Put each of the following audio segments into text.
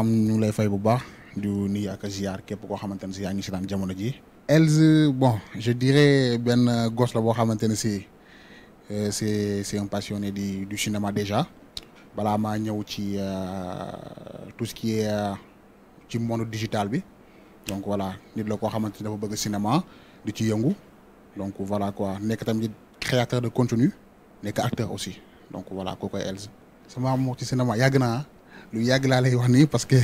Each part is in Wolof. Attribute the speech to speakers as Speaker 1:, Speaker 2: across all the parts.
Speaker 1: maam ñu lay fay bu baax di nuyu ak ziar képp koo xamante ne si yaa ngi si daan jamono ji Elz bon je dirais benn gosse la boo xamante ne si euh, c'est c'est un passionné du du cinéma déjà balaa maa ñëw ci euh, tout ce qui est euh, ci monde digital bi donc voilà nit la koo xamante ne dafa bëgg cinéma di ci yëngu donc voilà quoi nekk nit créateur de contenu nekk acteur aussi donc voilà kooku koy Elz sama amour ci cinéma yàgg naa lu yag la lay wax ni parce que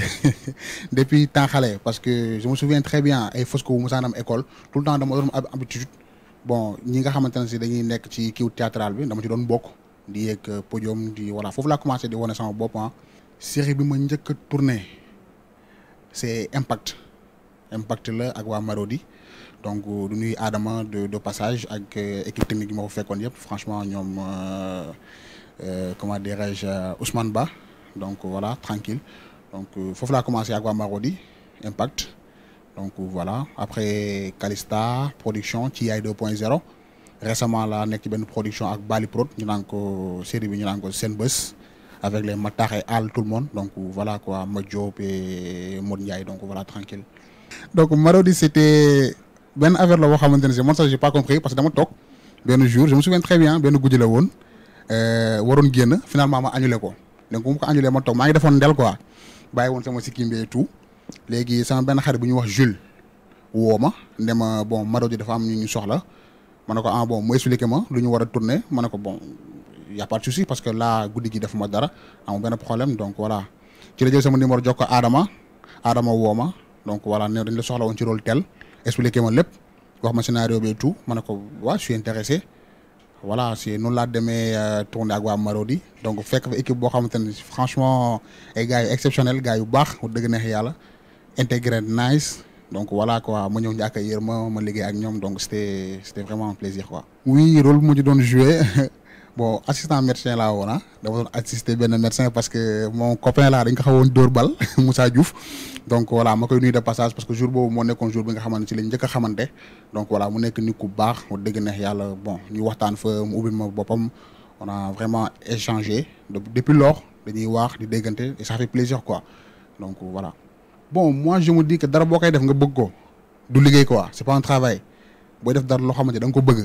Speaker 1: depuis temps xalé parce que je me souviens très bien ay fosco bu nam école tout le temps dama doon am habitude bon ñi nga xamante ci dañuy nek ci kiw théâtral bi dama ci doon bokk di yegg podium di voilà fofu la commencé di woné sama bop hein ah. série bi ma njëkk tourner tourné c'est Impact Impact la ak wa Marodi donc euh, du nuy Adama de de passage ak euh, équipe technique mo ma yépp franchement ñom euh, euh, comment dirais-je euh, Ousmane Ba. Donc voilà, tranquille. Donc faut commencer à Marodi Impact. Donc voilà, après Calista, production, TI 2.0. Récemment, la y a une production avec Bali Prod, une série, de avec les Matar et Al, tout le monde. Donc voilà quoi, Mojo et Modiaï, donc voilà, tranquille. Donc Marodi, c'était ben avant la boo xamante ne j'ai pas compris parce que dama bien un jour je me souviens très bien goût de la woon euh, Waron génn finalement ma annulé quoi donc on ma ko anjulee ma suis de quoi baye won sama et tout légui sama ben xarit bu wax Jules bon dafa am ñu soxla ah bon moi expliquer ma lu ñu suis bon y' a pas de souci parce que là goudi gi defuma dara de problème donc voilà ci la jël sama numéro joko Adama Adama donc voilà né dañ la soxla won ci rôle tel expliqué wax ma scénario bi tout je suis intéressé voilà c'est nous là demee euh, tourner ak waa Marodi donc fekk fa équipe bo xamante franchement ay gars yu exceptionnel gars yu bax wax dëgg neex yàlla intégré nice donc voilà quoi ma ñëw ñu accueillir ma ma liggéey ak ñom donc c'était c'était vraiment un plaisir quoi. oui rôle mu ma ci doon bon assistant médecin laa woon ah dama doon assister benn médecin parce que mon copain là dañ ko xawoon dóor bal Moussa Diouf donc voilà ma koy nuyu de passage parce que jour boobu moo nekkoon jour bi nga xamante ci lañ njëkk a donc voilà mu nekk nous ku baax wax dëgg neex yàlla bon ñu waxtaan fa mu ubbil ma on a vraiment échangé depuis lors nous voir di dégainer et ça fait plaisir quoi donc voilà bon moi je me dis que dara boo koy def nga beaucoup ko du quoi c'est pas un travail booy def dara loo xamante ko bëgg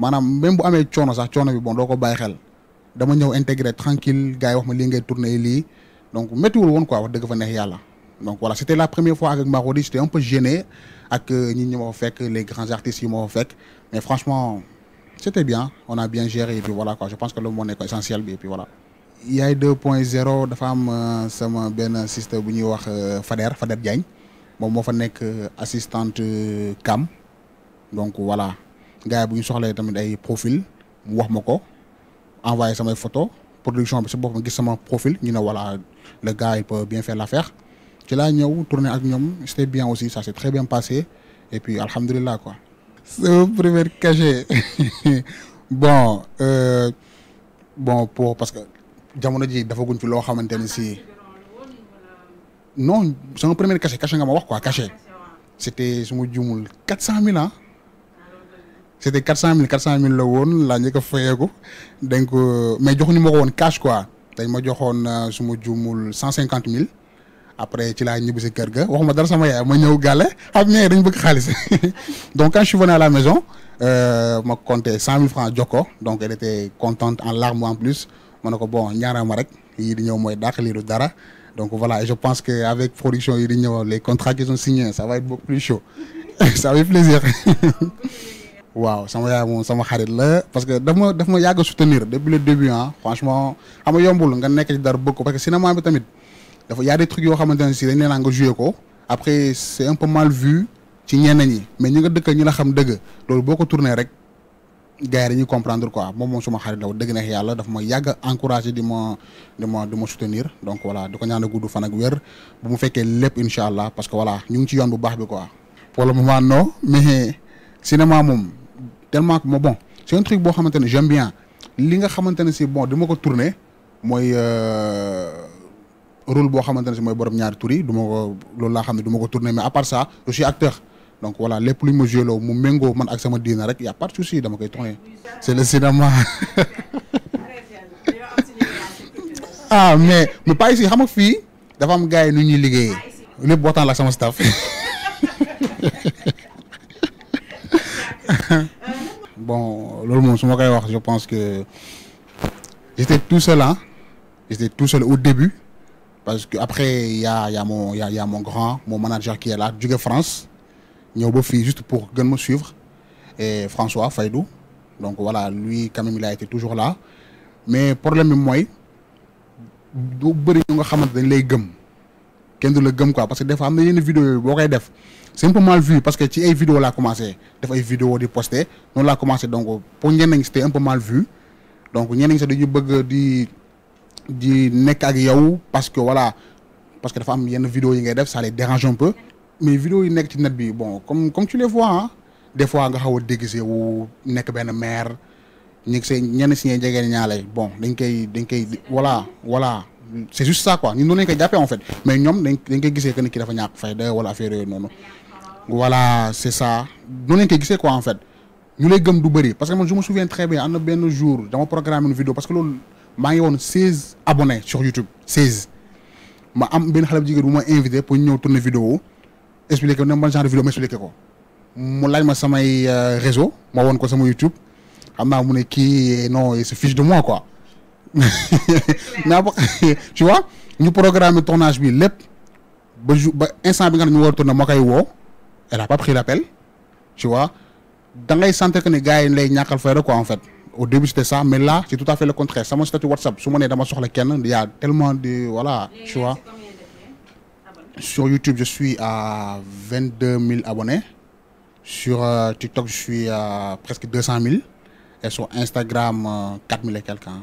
Speaker 1: manam même bu amé choono sax choono bi bon doo ko bàyyi xel dama ñëw intégrer tranquille gars wax ma lii ngay tourner li donc metti wul won quoi wax deug fa neex yalla donc voilà c'était la première fois avec Marodi j'étais un peu gêné ak euh, ñi ñi ma fekk les grands artistes yi ma fekk mais franchement c'était bien on a bien géré et puis voilà quoi je pense que le moo est essentiel bi et puis voilà. yay 2.0 dafa am euh, sama ben sister bu ñuy wax euh, Fader Fader Diagne mom moo fa nekk assistante CAM donc voilà gars yi bu ñu soxlee tamit ay profil mu wax mako envoyer sama photo production bi si boppam gis sama profil ñu ne voilà le gars il peut bien faire l'affaire ci la ñëw tourné ak ñom c'était bien aussi ça s'est très bien passé et puis alhamdoulillah quoi. sama premier cachet bon euh, bon pour parce que jamono ji dafaguñ fi loo xamante ni si non c'est mon premier cachet cachet nga ma wax quoi cachet c'était sumu ma 400000 mille ans hein c'était 400000 400000 la woon laa que a fayeeku donc mais joxuñu ma ko cash quoi dañ ma joxoon euh, su ma 150 150000 après tu l'as ñibbi si kër ga waxuma dara sama yaay ma ñëw gàlle xam ah, ne dañ bëgg xaalis donc quand je suis venu à la maison euh, ma 100 100000 francs jox donc elle était contente en larmes en plus ma bon ñaara ma rek il di a mooy dàq lii du dara donc voilà et je pense que avec production yii di ñëw les contrats qui ont signés ça va être beaucoup plus chaud ça fait plaisir. waaw sama m'a mon sama xarit la parce que daf ma daf ma soutenir depuis le début hein franchement xam yombul nga nek ci dar beaucoup parce que cinéma bi tamit dafa y a des trucs yoo xamante ne dañ leen nga joué ko après c'est un peu mal vu ci ñenn ñi mais ñi nga dëkk ñi la xam dëgg loolu boko tourner rek gars dañuy comprendre quoi mom moom suma xarit la dëgg neex yàlla daf ma yag encourager encouragé di ma di ma di ma soutenir donc voilà diko ñaan a gudd fan ak wér bu mu fekkee lepp inshallah parce que voilà ñu ngi ci yoon bu baax bi quoi pour le moment non mais cinéma mom tellement bon c'est un truc que j'aime bien bon je ko tourner moi euh, rôle ne borom mais à part ça je suis acteur donc voilà les plus me mu man ak y a pas de souci tourner c'est le cinéma ah mais mais pas ici xam fi dafa am gars nu ñuy la staff bon je pense que j'étais tout seul là hein. j'étais tout seul au début parce que après y a mon grand mon manager qui est là de France il ba juste pour me suivre et François faidou donc voilà lui quand même il a été toujours là mais problème moi, même du a kenn le la quoi parce que des fois am na une vidéo yooyu boo def c'est un peu mal vu parce que ci ay vidéo là commencé fois une vidéo di poster non laa commencé donc pour ñenn c'était un peu mal vu donc ñenn ñi sax dañu bëgg di di nek ak yow parce que voilà parce que dafa am une vidéo yi ngay def ça les dérange un peu mais vidéo yi nek ci net bi bon comme comme tu les vois hein, des fois nga xaw a déguisé wu nekk ben mère ñu ngi see ñenn si ñee jegeen bon dañ koy dañ koy voilà voilà c'est juste ça quoi nous noonu lañ koy en fait mais nous, dañ dañ koy gisee que ni ki dafa ñàkk fayda wala affaire voilà c'est ça nous lañ koy gisee quoi en fait nous les gëm du parce que moi je me souviens très bien un bien benn jour dama programme une vidéo parce que loolu maa ngi seize abonnés sur YouTube 16, ma am ben xale bu bu ma invité pour ñëw tourner vidéo expliquer ko ne man genre vidéo ma quoi, ko mu laaj ma samay euh, réseau ma won ko sama YouTube amna m'a mu ne ki non il se fiche de moi quoi naa ba tu vois nous programmons tournage bi lépp ba ba instant bi nga xam war ma koy elle a pas pris l'appel tu vois da ngay sentir que les gars ils lay ñàkkal fay rek quoi en fait au début c'était ça mais là c'est tout à fait le contraire sama statut WhatsApp su ma nee dama soxla kenn y a tellement de voilà tu vois sur YouTube je suis à vingt deux mille abonnés sur euh, TikTok je suis à presque deux cent mille et sur Instagram euh, quatre mille et quelques hein.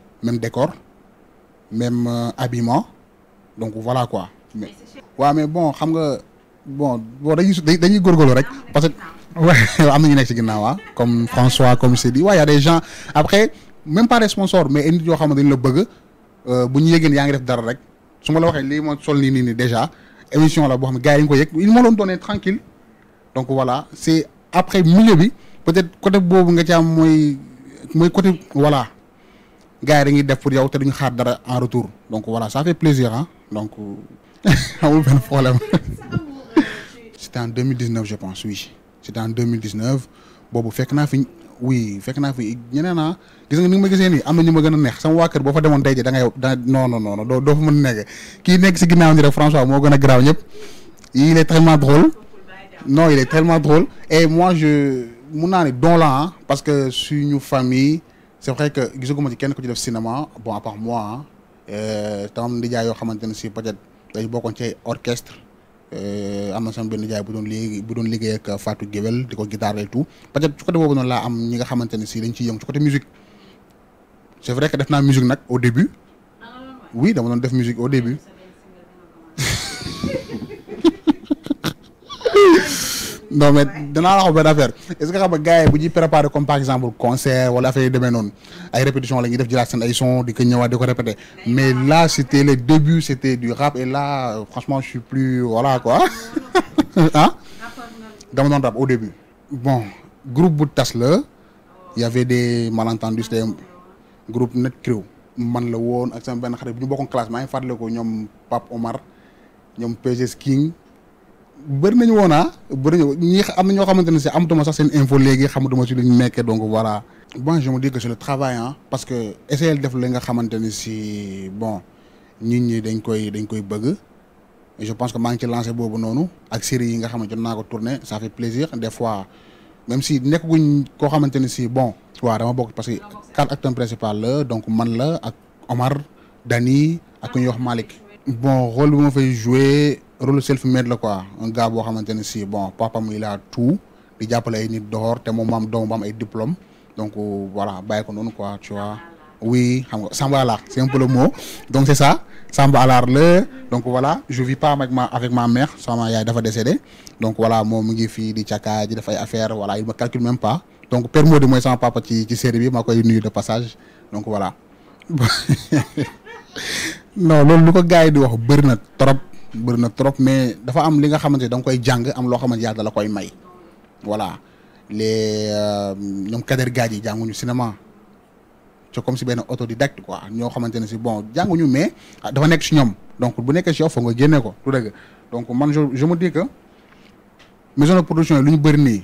Speaker 1: même décor, même euh, habillement. Donc voilà quoi. Mais, ouais, mais bon, je nga bon, bon dañuy dañuy rek parce que ouais, ah. comme François comme c'est dit. il y a des gens après même pas des sponsors mais indi yo qu'on le bëgg euh bu ñu avez ya def dara rek. vous la déjà émission la bo xam ils m'ont donné tranquille. Donc voilà, c'est après milieu peut-être côté bobu nga ci am moy côté voilà gars yi dañuy def pour yow té duñu xaar dara en retour donc voilà ça fait plaisir hein donc euh, amul ben problème c'était en 2019 je pense oui c'était en 2019 bobu fekk naa fi oui fekk naa fi ñeneen ah gis nga ni nga ma gisee nii am na ñu ma gëna neex sama waa kër boo fa demone tay ji da ngay da non non non do doo fa mëna a nekk kii nekk si ginnaaw ni rek François mo gëna graw garaaw ñëpp il est tellement drôle non il est tellement drôle et moi je mu naani don la ah, parce que suñu famille c'est vrai que gisaguma ci kenn ko ci def cinéma bon à part moi hein. euh, tam yo xamanteni peut-être bokon ci orchestre euh amna sama ben bu doon bu ak Fatou diko guitare et tout peut-être ci côté tu la am ñi nga xamanteni dañ ci ci côté musique c'est vrai que def musique au début ah, oui dama doon def musique au début non mais dana la wax benn affaire est ce que xam nga gars yi bu ñuy préparé comme par exemple concert wala affaire yu demee noonu ay répétition la ñuy def jëlaat sen ay son di ko ñëwa di ko répéter mais là c'était les le début c'était du rap et là franchement je suis plus voilà quoi hein dama don rap au début. bon groupe bu tas la y avait des malentendus c'était un groupe net crew man la woon ak sama ben xarit bu ñu bokkoon classe maa ngi fàttaliku Pape Omar ñom PGS King bëri nañu woon ah bëri nañu ñi am ñoo xamante ci si amatuma sax seen info légui xam duma lu ñu nekkee donc voilà. bon je me dis que c'est le travail hein parce que essayer def li nga xamante ci bon nit ñi dañ koy dañ koy bëgg je pense que maa ngi ci lancer boobu noonu ak série yi nga xam ne naa ko tourner ça fait plaisir des fois même si nekkaguñ koo xamante ne si bon. waaw dama bokk parce que quatre acteurs principal la donc man la ak Omar Dani ak ku ñuy wax Malick bon rôle bu fait fay rôle self made la quoi un gars bo xamante si bon papam il a tout di jappalé ay nit door te mom maam doom am ay diplôme donc euh, voilà bàyyi ko quoi tu vois oui xam nga Samba Alar c'est un peu le mot donc c'est ça Samba Alar le donc voilà je vis pas avec ma avec ma mère sama yaay dafa décédé donc voilà moi mu ngi fii di tiaka di def ay affaire voilà il me calcule même pas donc père Modou mooy sama papa ci ci série bi makoy nuyu de passage donc voilà non loolu lu ko gars yi di wax bëri na trop bëri na trop mais dafa am li nga xamante ne da nga koy jàng am loo xamante yàlla da la koy may voilà les euh, ñoom kader gaaj yi ñu cinéma co comme si benn autodidacte quoi ñoo xamante ne si bon ñu mais dafa nekk si ñoom donc bu nekkee si yow foog nga génne ko du dëgg donc man je je me dis que maison de production yi lu ñu bëri nii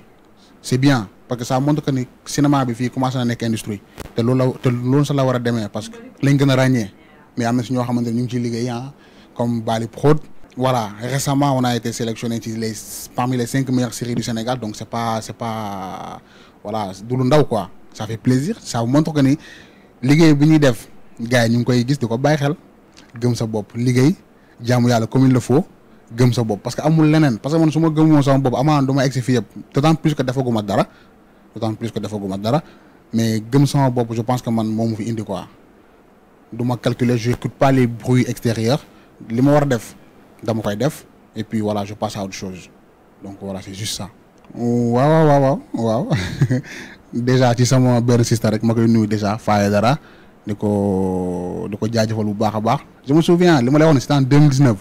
Speaker 1: c'est bien parce que ça montre que ni cinéma bi fii commencé na nekk industrie te lool la te loolu sa la war demee parce que lañ gën a ràññee. mais amna ci si ñoo xamante ñu ngi ciy liggéey ah, comme Bali Prod. voilà récemment on a été sélectionné les parmi les cinq meilleures séries du Sénégal donc c'est pas c'est pas voilà du ndaw quoi ça fait plaisir ça vous montre que ni liggéey bi ñi def gars ñu ngi koy gis diko bay xel gëm sa bop liggéey jaamu yalla comme il le faut gëm sa bop parce que amul leneen parce que man suma ma gëmoo sama bop amana duma ma fi fii yëpp d'autant plus que defaguma dara d'autant plus que defaguma dara mais gëm sama bop je pense que man moomu fi indi quoi calculer je n'écoute pas les bruits extérieurs li ma war a def dama koy def et puis voilà je passe à autre chose donc voilà c'est juste ça. Wow, wow, wow, waaw déjà tu sama moi sister rek moi, koy nous déjà Faye dara di ko di ko jaajëfal bu baax je me souviens li lay c'était en 2019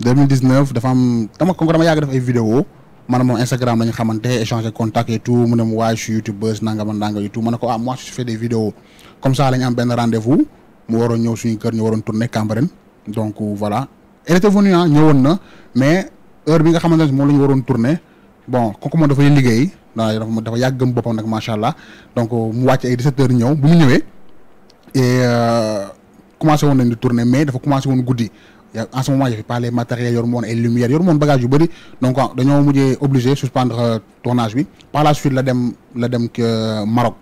Speaker 1: 2019 dafa am dama comme dama yàgg def des vidéos maanaam moom Instagram la ñu xamante échanger contact et tout je suis youtubeuse nangam nangam tout ma ah moi je fais des vidéos comme ça la ñu am benn rendez-vous mu waroon ñëw suñu kër ñu waroon tourner Cambérène donc euh, voilà elle était venue ah ñëwoon na mais heure bi nga xamante ne moom la ñu waroon tourner bon kooku moom dafay liggéey dafa dafa yàggam boppam nag macha allah donc euh, mu wàcc ay 17 heures ñëw bu mu ñëwee et euh, commencé woon nañ di tourner mais dafa commencé woon guddi en ce moment y avait pas les matériels yor moon ay lumière yor moon bagage yu bëri donc ah, dañoo mujjee obligé suspendre tournage bi par la suite la dem la dem Maroc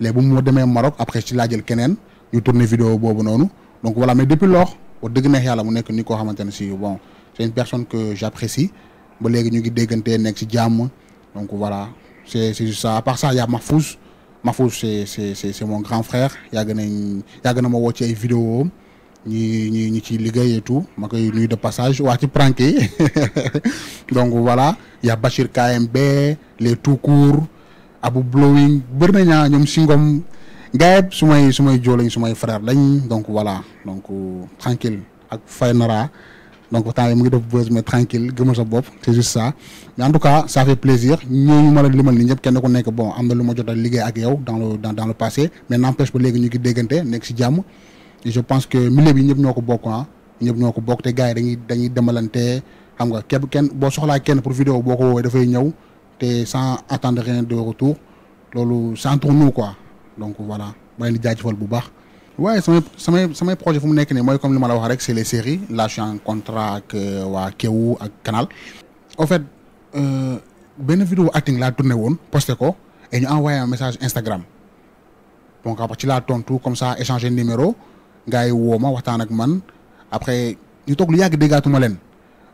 Speaker 1: léegi bu mu demee Maroc après ci laa jël keneen yu tourné vidéo boobu nonou donc voilà mais depuis lors wax dëgg neex yàlla mu nekk ni ko xamante si bon c'est une personne que j'apprécie ba légui ñu ngi déggantee nek ci jamm donc voilà c'est c'est juste ça à part ça il y a Mafouz Mafouz c'est c'est c'est mon grand frère yàgg nañ yàgg na ma woo ci ay vidéo ñi ñi ñi ciy et tout ma koy nuyu de passage wa ci pranké donc voilà il y a Bachir KMB les tout court Abou Blowing bëri ñom Singom gars yëpp su may su frère lañ donc voilà donc euh, tranquille ak faynara donc temps yi mu ngi def buzz mais tranquille gëmal sa bop c'est juste ça mais en tout cas ça fait plaisir ñooñu ma la limal ni ñëpp kenn ko nek bon amna luma lu ma liggéey ak yow dans le dans dans le passé mais n'empêche ba légui ñu ngi déggante nekk si et je pense que mille bi ñep ñoko ko bokk ah ñëpp ñoo bokk gars dañuy dañuy demalante xam nga képp kenn bo soxla kenn pour vidéo boko wowe da fay ñew té sans attendre rien de retour loolu s'entoure nous quoi donc voilà ma leen di jaajëfal bu baax. waaye samay samay samay projet fu mu nekk nii comme le ma la wax rek c'est les séries là je suis en contrat que euh, wa Kéwu ak Canal. en fait euh, benn vidéo acting la tourné won posté ko et ñu envoyé un message Instagram donc après ci laa tontu comme ça échanger numéro gars yi woo ma waxtaan ak man après ñu tok lu yàgg déggaatuma len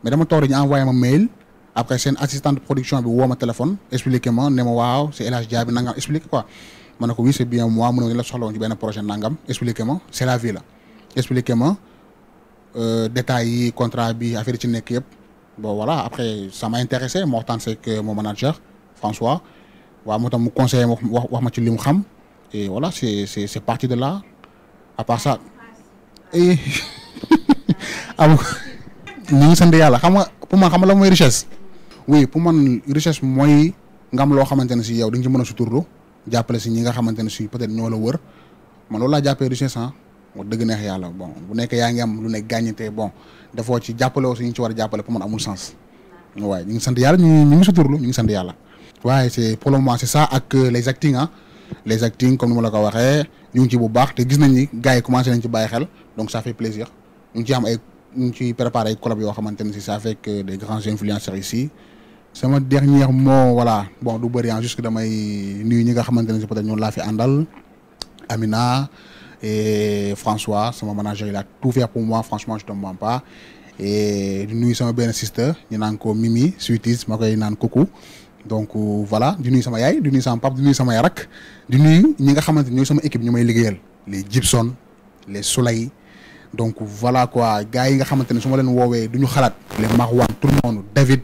Speaker 1: mais dama toog ñu envoyé ma mail. après assistant assistante production bi woo ma téléphone expliquer moi né mo waaw c'est El Hadj Dia bi nanga expliqué quoi je oui c'est bien moi la soxla ben, nangam c'est la vie Expliquez-moi, euh, contrat affaire bon voilà après ça m'a intéressé Moi, c'est que mon manager François wa conseillé là, wax et voilà c'est parti de là à part ça. Ah, et eh. ah, pour moi, la richesse. oui pour moi richesse suis là, je suis là, pas si ñi nga Je ne peut-être ñoo la wër man loolu laa jàppee mo ah. neex bon bu nekk yaa am lu nekk gàññite bon dafoo ci jàppale aussi ci war a pour amul sens waaye ñu ngi sant yàlla ñu ñu ñu ngi c'est pour le moment c'est ça ak euh, les acting ah les acting comme ni la ko waxee ñu ci bu baax gars commencé nañ ci donc ça fait plaisir ñu ay ñu ci préparé ay collab yoo ça fait des grands influenceurs ici c'est mon dernier mot voilà bon du bari hein, juste que nuyu ñi nga xamante ne peut-être ñu la fi andal Amina et François sama manager il a tout fait pour moi franchement je te mens pas et di nuyu sama ben sister ñu naan ko Mimi Sweeties. ma koy naan donc euh, voilà di nuy sama yaay di nuy sama pap di nuy sama yarak di nuy ñi nga xamante ñoy sama équipe ñu may liggéeyal les Gibson les Souley donc voilà quoi gars yi nga xamante ne len wowe duñu xalat les Marwan tout le monde David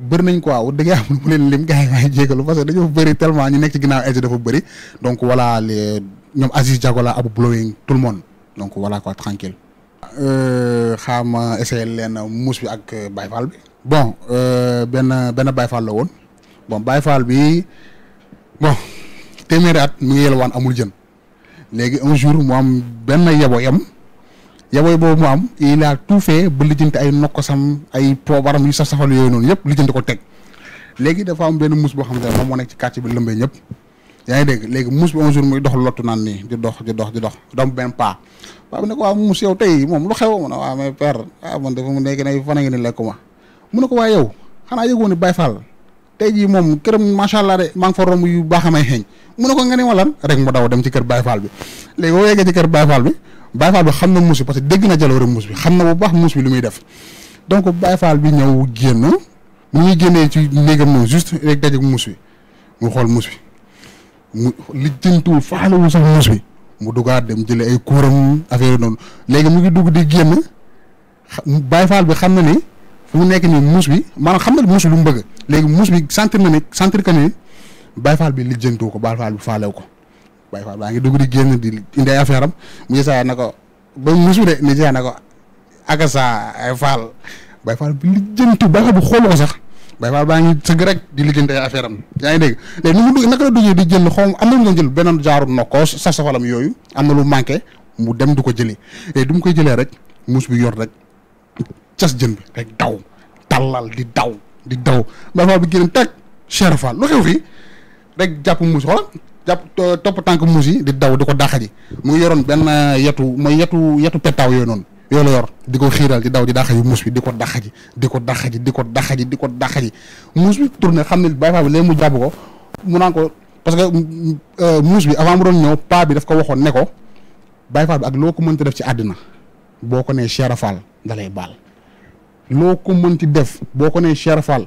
Speaker 1: bëri nañ quoi aw dëgg yàlla mu leen lim gars yi maay jégalu parce que dañoo bëri tellement ñu nekk ci ginnaaw LG dafa donc voilà ñoom Aziz Diago la abu blowing tout le monde donc voilà quoi tranquille euh, xaama essayé leen muus bi ak euh, Baye Fall bi bon euh, benn benn Baye Fall la woon bon Baye Fall bi bon téeméeri at mu ngi yelwaan amul jën léegi un jour mu am benn yebo yam yaboy boobu mu am il a tout fait ba lijjanti ay nokkosam ay poobaram yu saf safal yooyu noonu yëpp lijjanti ko teg léegi dafa am benn mus boo xam ne moom moo nekk ci quartier bi lëmbee ñëpp yaa ngi dégg léegi muus bi un jour dox lottu naan nii di dox moom lu xew mu ne waaw mais père ah, nekk ko waaye yow xanaa yëgoo ni Baye Fall tey jii moom këram macha allah de maa ngi fa romb yu baax amay xeeñ mu ne ko nga ne ma lan rek mu daw dem ci kër Baye Fall bi léegi boo yeggee ci kër Baye Fall bi Baye Fall bi xam na muus bi parce que dégg na jaloore muus bi xam na bu baax muus bi lu muy def donc Baye Fall bi ñëw génn mu ngi génnee ci néegam noonu juste rek dajeeg mu xool muus bi mu li jëntuwul bi mu dugaat dem jëlee ay kuuram noonu léegi mu ngi dugg di génn Baye Fall bi xam na ni fu mu nekk nii muus bi maanaam xam na muus bi lu mu bëgg léegi muus bi sentir na ni sentir que ni Baye Fall bi lijjantu ko Baye Fall bi faalew ko. Baye Fall baa ngi dugg di génn di indi ay affaire am mu Isaa na ko ba musu de ni Isaa na ko agasa ay Fall Baye Fall bi lijjanti Baye bu xooloo ko sax Baye baa ngi sëgg rek di lijjanti ay affaire am yaa ngi dégg léegi nu mu dugg naka la duggee jël xaw am na lu doon jël safalam yooyu am na lu manqué mu dem di ko jëli léegi du mu koy jëlee rek muus bi yor rek cas jën bi rek daw tallal di daw di daw Baye Fall bi génn teg Cheikh Fall lu xew fii rek jàpp muus xoolal jàpp topp tànk muus yi di daw di ko dàqaji mu ngi yoroon benn yetu mooy yetu yetu pettaaw yooyu noonu yooyu la yor di ko xiiral di daw di dàqaji muus bi di ko dàqaji di ko dàqaji di ko dàqaji di ko dàqaji muus bi tourné xam ne baay faa bi léegi mu jàpp ko mu naan ko parce que euh, muus bi avant mu doon ñëw paa bi daf ko waxoon ne ko baay faa bi ak loo ko mën mënti def ci àddina boo ko nee Cheikh Fall da lay baal loo ko mënti def boo ko nee Cheikh Fall